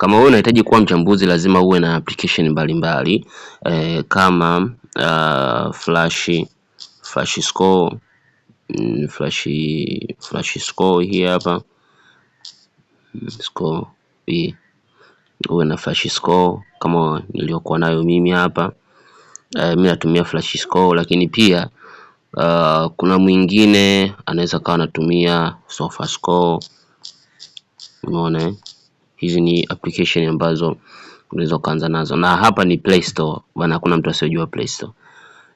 Kama wewe unahitaji kuwa mchambuzi lazima uwe na application mbalimbali mbali. Eh, e, kama uh, Flash Flash Score mm, Flash Flash Score hii hapa mm, score hii, uwe na Flash Score kama niliyokuwa nayo mimi hapa e, mimi natumia Flash Score, lakini pia uh, kuna mwingine anaweza kawa anatumia Sofa Score, umeona eh? Hizi ni application ambazo unaweza kuanza nazo, na hapa ni Play Store bana, hakuna mtu asiyojua Play Store.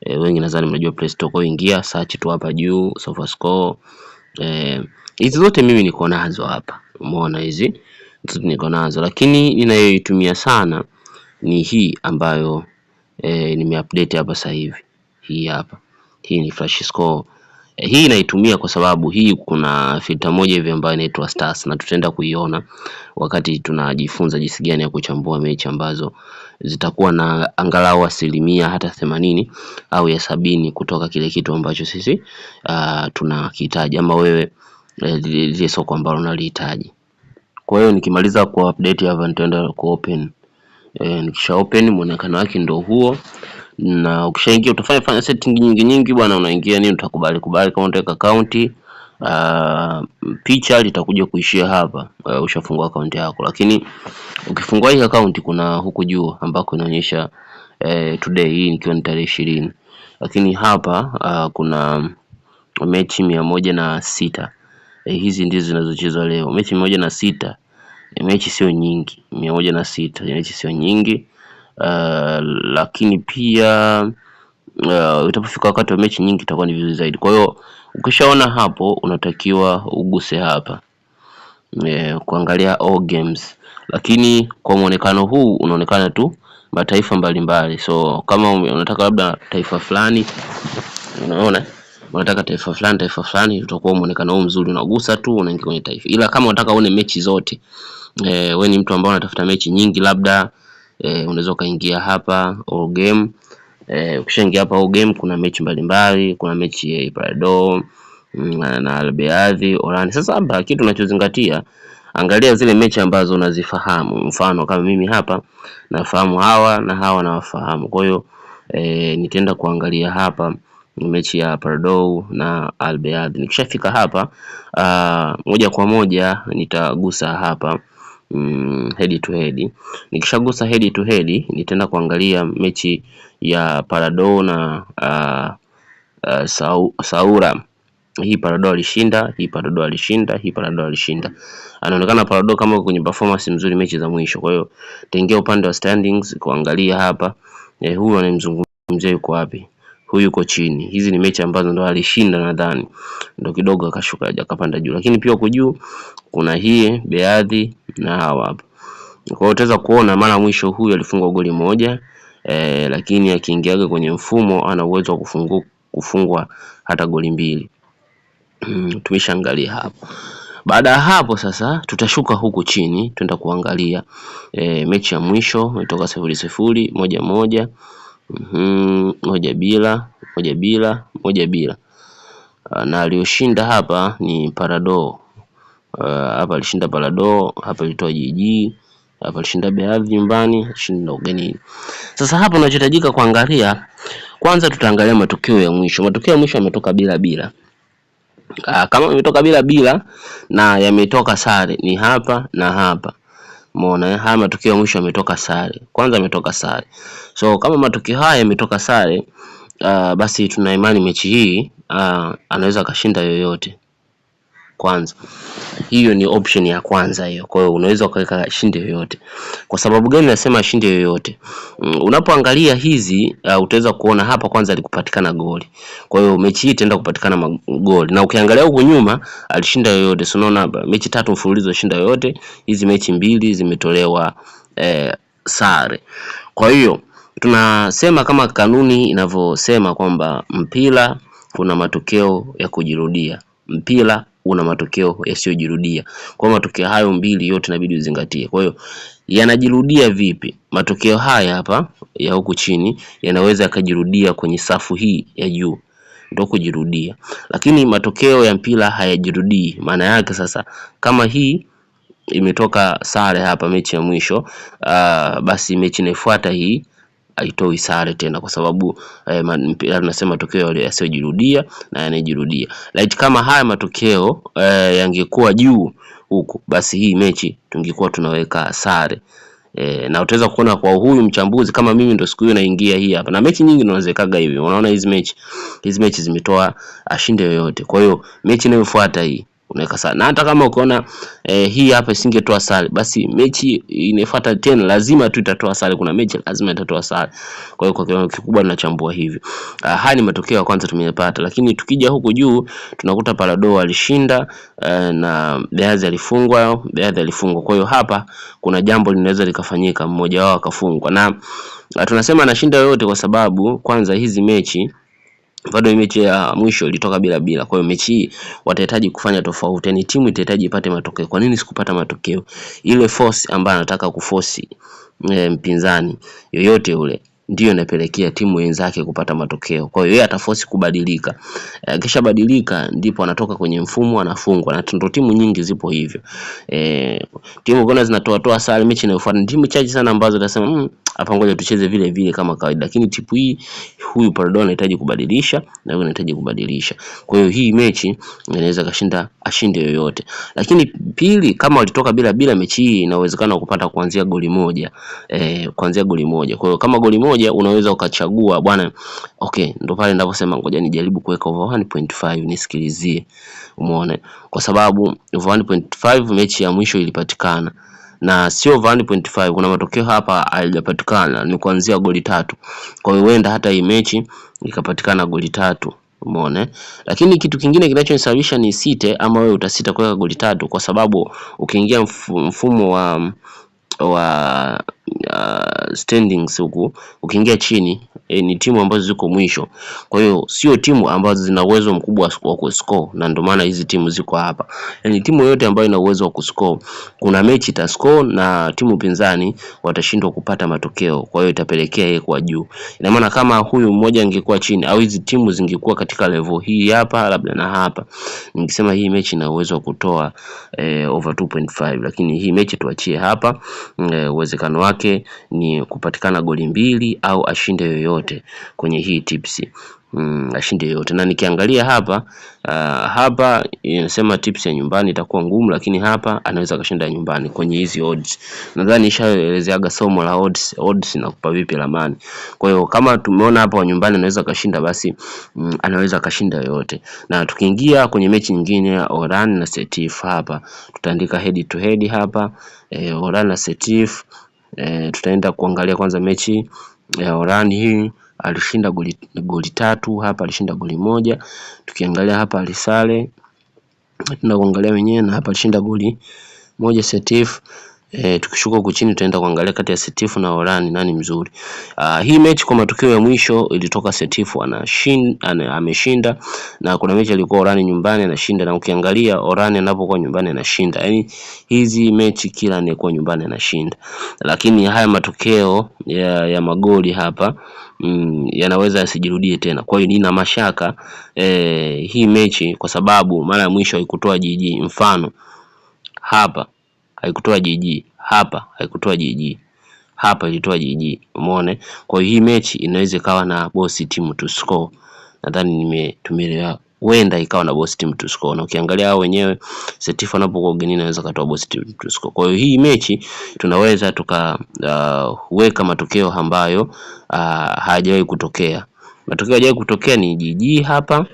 E, wengi nadhani mnajua Play Store, kwa ingia search tu hapa juu SofaScore. Eh, hizi zote mimi niko nazo hapa, umeona hizi zote niko nazo, lakini ninayoitumia sana ni hii ambayo e, nimeupdate hapa sasa hivi. Hii hapa hii ni Flash Score. Hii naitumia kwa sababu hii kuna filter moja hivi ambayo inaitwa stars na tutaenda kuiona wakati tunajifunza jinsi gani ya kuchambua mechi ambazo zitakuwa na angalau asilimia hata themanini au ya sabini kutoka kile kitu ambacho sisi uh, tunakihitaji ama wewe eh, lile soko ambalo unalihitaji. Kwa hiyo nikimaliza ku update hapa nitaenda ku open. E, nikisha open muonekano wake ndio huo na ukishaingia utafanya fanya setting nyingi nyingi bwana, unaingia nini, utakubali kubali kama unataka account Uh, picha litakuja kuishia hapa uh, ushafungua akaunti yako, lakini ukifungua hii account kuna huku juu ambako inaonyesha uh, today hii nikiwa ni tarehe ishirini, lakini hapa uh, kuna mechi mia moja na sita uh, hizi ndizo zinazochezwa leo, mechi mia moja na sita. Mechi sio nyingi, mia moja na sita mechi sio nyingi uh, lakini pia uh, itapofika wakati wa mechi nyingi itakuwa ni vizuri zaidi. Kwa hiyo ukishaona hapo, unatakiwa uguse hapa e, kuangalia all games, lakini kwa mwonekano huu unaonekana tu mataifa mbalimbali. So kama unataka labda taifa fulani, unaona unataka taifa fulani taifa fulani, utakuwa muonekano huu mzuri, unagusa tu unaingia kwenye taifa. Ila kama unataka uone mechi zote, eh, ni mtu ambaye unatafuta mechi nyingi labda eh, unaweza ukaingia hapa all game eh, ukishaingia hapa all game kuna mechi mbalimbali kuna mechi ya Ibrado mm, na, na Albeadhi Orani. Sasa hapa kitu unachozingatia angalia zile mechi ambazo unazifahamu. Mfano kama mimi hapa nafahamu hawa na hawa nawafahamu, kwa hiyo e, nitaenda kuangalia hapa mechi ya Pardo na Albead. Nikishafika hapa aa, ah, moja kwa moja nitagusa hapa mm, head to head. Nikishagusa head to head nitaenda kuangalia mechi ya Parado na uh, uh, Sau, Saura. Hii Parado alishinda, hii Parado alishinda, hii Parado alishinda. Anaonekana Parado kama kwenye performance mzuri mechi za mwisho. Kwa hiyo tengia upande wa standings kuangalia hapa. Eh, huyu anayemzungumzia yuko wapi? huyu yuko chini. Hizi ni mechi ambazo ndo alishinda nadhani, ndo kidogo akashuka akapanda juu, lakini pia huko juu kuna hii Beadhi na hawa hapa. Kwa hiyo utaweza kuona mara mwisho huyu alifunga goli moja e, lakini akiingiaga kwenye mfumo ana uwezo wa kufungu, kufungwa hata goli mbili. Tumeshaangalia hapo. Baada ya hapo sasa tutashuka huku chini, twenda kuangalia e, mechi ya mwisho imetoka sifuri sifuri moja moja Mhm, moja bila, moja bila, moja bila. Ah, na aliyoshinda hapa ni Parado. Ah, hapa alishinda Parado, hapa ilitoa jiji, hapa alishinda Beadhi nyumbani, alishinda ugenini. Sasa hapa unachohitajika kuangalia, kwanza tutaangalia matokeo ya mwisho. Matokeo ya mwisho yametoka bila bila. Ah, kama yametoka bila bila na yametoka sare ni hapa na hapa. Umeona, eh? haya matukio ya mwisho yametoka sare. Kwanza ametoka sare. So kama matukio haya yametoka sare, uh, basi tuna imani mechi hii uh, anaweza akashinda yoyote kwanza. Hiyo ni option ya kwanza hiyo. Kwa hiyo unaweza ukaweka shinde yoyote. Kwa sababu gani nasema shinde yoyote? Mm, unapoangalia hizi uh, utaweza kuona hapa kwanza alikupatikana goli. Kwa hiyo mechi hii itaenda kupatikana goli Na ukiangalia huko nyuma alishinda yoyote. Sio unaona mechi tatu mfululizo shinda yoyote. Hizi mechi mbili zimetolewa eh, sare. Kwa hiyo tunasema kama kanuni inavyosema kwamba mpira kuna matokeo ya kujirudia. Mpira una matokeo yasiyojirudia. Kwa matokeo hayo mbili yote inabidi uzingatie. Kwa hiyo yanajirudia vipi? Matokeo haya hapa ya huku chini yanaweza yakajirudia kwenye safu hii ya juu ndio kujirudia, lakini matokeo ya mpira hayajirudii. Maana yake sasa, kama hii imetoka sare hapa mechi ya mwisho, uh, basi mechi inayofuata hii haitoi sare tena kwa sababu eh, mpira tunasema matokeo yasiyojirudia na yanajirudia. Laiti kama haya matokeo eh, yangekuwa juu huku, basi hii mechi tungekuwa tunaweka sare. E, na utaweza kuona kwa huyu mchambuzi kama mimi ndo siku hiyo naingia hii hapa, na mechi nyingi naezekaga hivi. Unaona hizi mechi hizi mechi zimetoa ashinde ah, yoyote. Kwa hiyo mechi inayofuata hii unaweka sare, na hata kama ukiona eh, hii hapa isingetoa sare, basi mechi inefuata tena lazima tu itatoa sare. Kuna mechi lazima itatoa sare. Kwa hiyo kwa kiwango kikubwa tunachambua hivi. Ah, haya ni matokeo ya kwanza tumeyapata, lakini tukija huku juu tunakuta Parado alishinda eh, na Beazi alifungwa, Beazi alifungwa. Kwa hiyo hapa kuna jambo linaweza likafanyika, mmoja wao akafungwa, na ah, tunasema anashinda yote kwa sababu kwanza hizi mechi bado mechi ya mwisho ilitoka bila bila. Kwa hiyo mechi hii watahitaji kufanya tofauti, yani timu itahitaji ipate matokeo. Kwa nini sikupata matokeo? Ile force ambayo anataka kuforce e, mpinzani yoyote ule ndiyo inapelekea timu wenzake kupata matokeo. Kwa hiyo yeye ataforce kubadilika. Akisha eh, badilika ndipo anatoka kwenye mfumo anafungwa. Na ndio timu nyingi zipo hivyo. E, timu kuna zinatoa toa sare mechi inayofuata. Timu chache sana ambazo utasema mmm, hapa ngoja tucheze vile vile kama kawaida. Lakini tipu hii huyu Pardo anahitaji kubadilisha na huyu anahitaji kubadilisha. Kwa hiyo hii mechi inaweza kashinda ashinde yoyote. Lakini pili, kama walitoka bila bila, mechi hii ina uwezekano wa kupata kuanzia goli moja. E, kuanzia goli moja. Kwa hiyo kama goli moja moja unaweza ukachagua bwana. Okay, ndo pale ninaposema ngoja nijaribu kuweka over 1.5 nisikilizie, umeona, kwa sababu over 1.5 mechi ya mwisho ilipatikana na sio over 1.5. Kuna matokeo hapa hayajapatikana, ni kuanzia goli tatu. Kwa hiyo huenda hata hii mechi ikapatikana goli tatu. Umeona, lakini kitu kingine kinachonisababisha ni site ama wewe utasita kuweka goli tatu, kwa sababu ukiingia mfumo wa wa uh, standings huku ukiingia chini e, ni timu ambazo ziko mwisho. Kwa hiyo sio timu ambazo zina uwezo mkubwa wa kuscore, na ndio maana hizi timu ziko hapa. Yani timu yoyote ambayo ina uwezo wa kuscore, kuna mechi itascore na timu pinzani watashindwa kupata matokeo, kwa hiyo itapelekea yeye kuwa juu. Ina maana kama huyu mmoja angekuwa chini au hizi timu zingekuwa katika level hii hapa labda na hapa, ningesema hii mechi ina uwezo wa kutoa e, over 2.5, lakini hii mechi tuachie hapa. Eh, uwezekano E, wake ni kupatikana goli mbili au ashinde yoyote yoyote kwenye hii tips mm, ashinde yote. Na nikiangalia hapa uh, hapa inasema eh, tips ya nyumbani itakuwa ngumu, lakini hapa anaweza akashinda nyumbani kwenye hizi odds. Nadhani ishaelezeaga somo la odds, odds inakupa vipi ramani. Kwa hiyo kama tumeona hapa wa nyumbani anaweza akashinda, basi mm, anaweza akashinda yote. Na tukiingia kwenye mechi nyingine ya Oran na Setif, hapa tutaandika head to head hapa eh, Oran na Setif eh, tutaenda kuangalia kwanza mechi ya Orani hii alishinda goli, goli tatu hapa alishinda goli moja. Tukiangalia hapa alisale, tunaangalia kuangalia wenyewe na hapa alishinda goli moja Setif E, tukishuka huku chini tutaenda kuangalia kati ya Setifu na Orani nani mzuri. Uh, hii mechi kwa matukio ya mwisho ilitoka Setifu anashinda, ameshinda na kuna mechi alikuwa Orani nyumbani anashinda, na ukiangalia Orani anapokuwa nyumbani anashinda. Yaani hizi mechi kila anayekuwa nyumbani anashinda, lakini haya matokeo ya, ya magoli hapa mm, yanaweza yasijirudie tena. Kwa hiyo nina mashaka eh, hii mechi kwa sababu mara ya mwisho haikutoa jiji mfano hapa haikutoa jiji hapa haikutoa jiji hapa ilitoa jiji Umeona? Kwa hiyo hii mechi inaweza ikawa na boss team to score, nadhani nimetumilia huenda ikawa na boss team to score, na ukiangalia hao wenyewe Setif wanapokuwa ugenini anaweza katoa boss team to score. Kwa hiyo hii mechi tunaweza tukaweka uh, matokeo ambayo uh, hajawahi kutokea. Matokeo hajawahi kutokea ni jiji hapa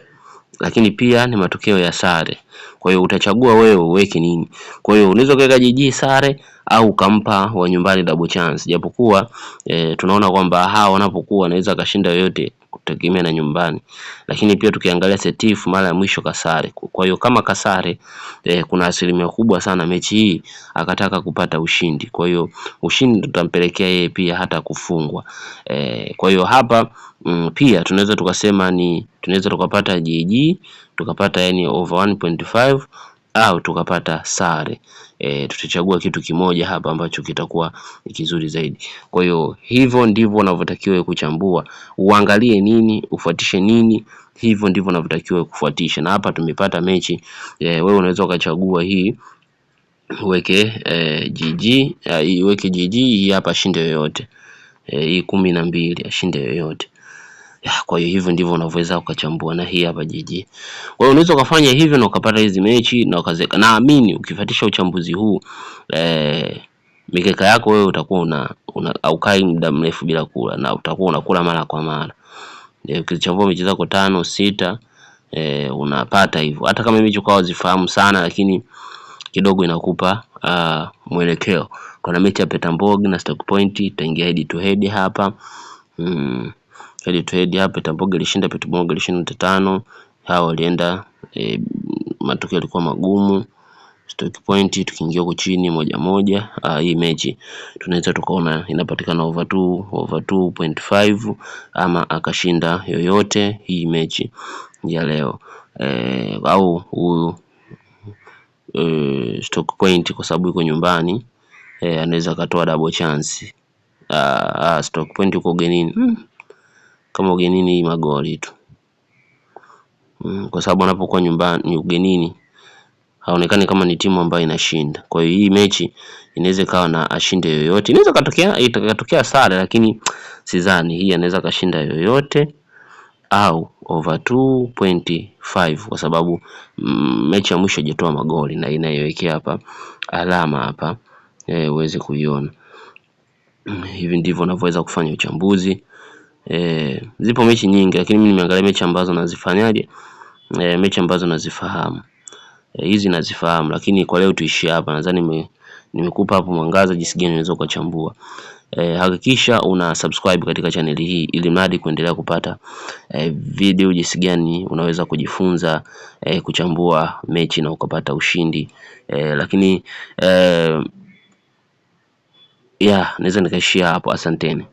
lakini pia ni matokeo ya sare. Kwa hiyo utachagua wewe uweke nini. Kwa hiyo unaweza kuweka jiji sare au ukampa wa nyumbani double chance, japokuwa e, tunaona kwamba hawa wanapokuwa wanaweza akashinda yoyote, kutegemea na nyumbani. Lakini pia tukiangalia Setif mara ya mwisho Kasare. Kwa hiyo kama Kasare eh, kuna asilimia kubwa sana mechi hii akataka kupata ushindi. Kwa hiyo ushindi tutampelekea yeye pia hata kufungwa. Eh, kwa hiyo hapa mm, pia tunaweza tukasema ni tunaweza tukapata GG tukapata yani over 1.5 au tukapata sare e, tutachagua kitu kimoja hapa ambacho kitakuwa kizuri zaidi. Kwa hiyo hivyo ndivyo unavyotakiwa kuchambua, uangalie nini, ufuatishe nini, hivyo ndivyo unavyotakiwa kufuatisha. Na hapa tumepata mechi e, wewe unaweza ukachagua hii uweke e, GG, e, iweke GG hii hapa, shinde yoyote e, hii kumi na mbili ashinde yoyote. Kwa hiyo hivyo ndivyo unavyoweza ukachambua, na hii hapa jiji. Kwa hiyo unaweza ukafanya hivyo na ukapata hizi mechi na ukazeka. Naamini ukifuatisha uchambuzi huu eh, mikeka yako wewe utakuwa una, una aukai muda mrefu bila kula na utakuwa unakula mara kwa mara. Eh, Ukichambua mechi zako tano sita e, unapata hivyo, hata kama mechi kwa zifahamu sana, lakini kidogo inakupa uh, mwelekeo. Kuna mechi ya Petamborg na Stoke Point itaingia head to head hapa mm. Hili trade hapa Itaboga ilishinda Petboga ilishinda nukta tano. Hao walienda e, matokeo yalikuwa magumu. Stock point tukiingia huko chini moja moja. Aa, ah, hii mechi tunaweza tukaona inapatikana over 2, over 2.5 ama akashinda yoyote hii mechi ya leo e, au huyu e, stock point kwa sababu yuko nyumbani e, anaweza akatoa double chance. Ah, ah, stock point yuko ugenini. Hmm kama ugenini magoli tu mm, kwa sababu anapokuwa nyumbani ugenini haonekani kama ni timu ambayo inashinda. Kwa hiyo hii mechi inaweza ikawa na ashinde yoyote, inaweza katokea itakatokea sare, lakini sidhani hii anaweza kashinda yoyote au over 2.5 kwa sababu mm, mechi ya mwisho hajatoa magoli na inayowekea hapa alama hapa eh, uweze kuiona. Mm, hivi ndivyo unavyoweza kufanya uchambuzi Eh, zipo mechi nyingi lakini mimi nimeangalia mechi ambazo nazifanyaje Eh, mechi ambazo nazifahamu Eh, hizi nazifahamu, lakini kwa leo tuishie hapa. Nadhani nimekupa hapo mwangaza jinsi gani unaweza kuchambua. Eh, hakikisha una subscribe katika chaneli hii ili mradi kuendelea kupata eh, video jinsi gani unaweza kujifunza eh, kuchambua mechi na ukapata ushindi eh, lakini eh, ya yeah, naweza nikaishia hapo. Asanteni.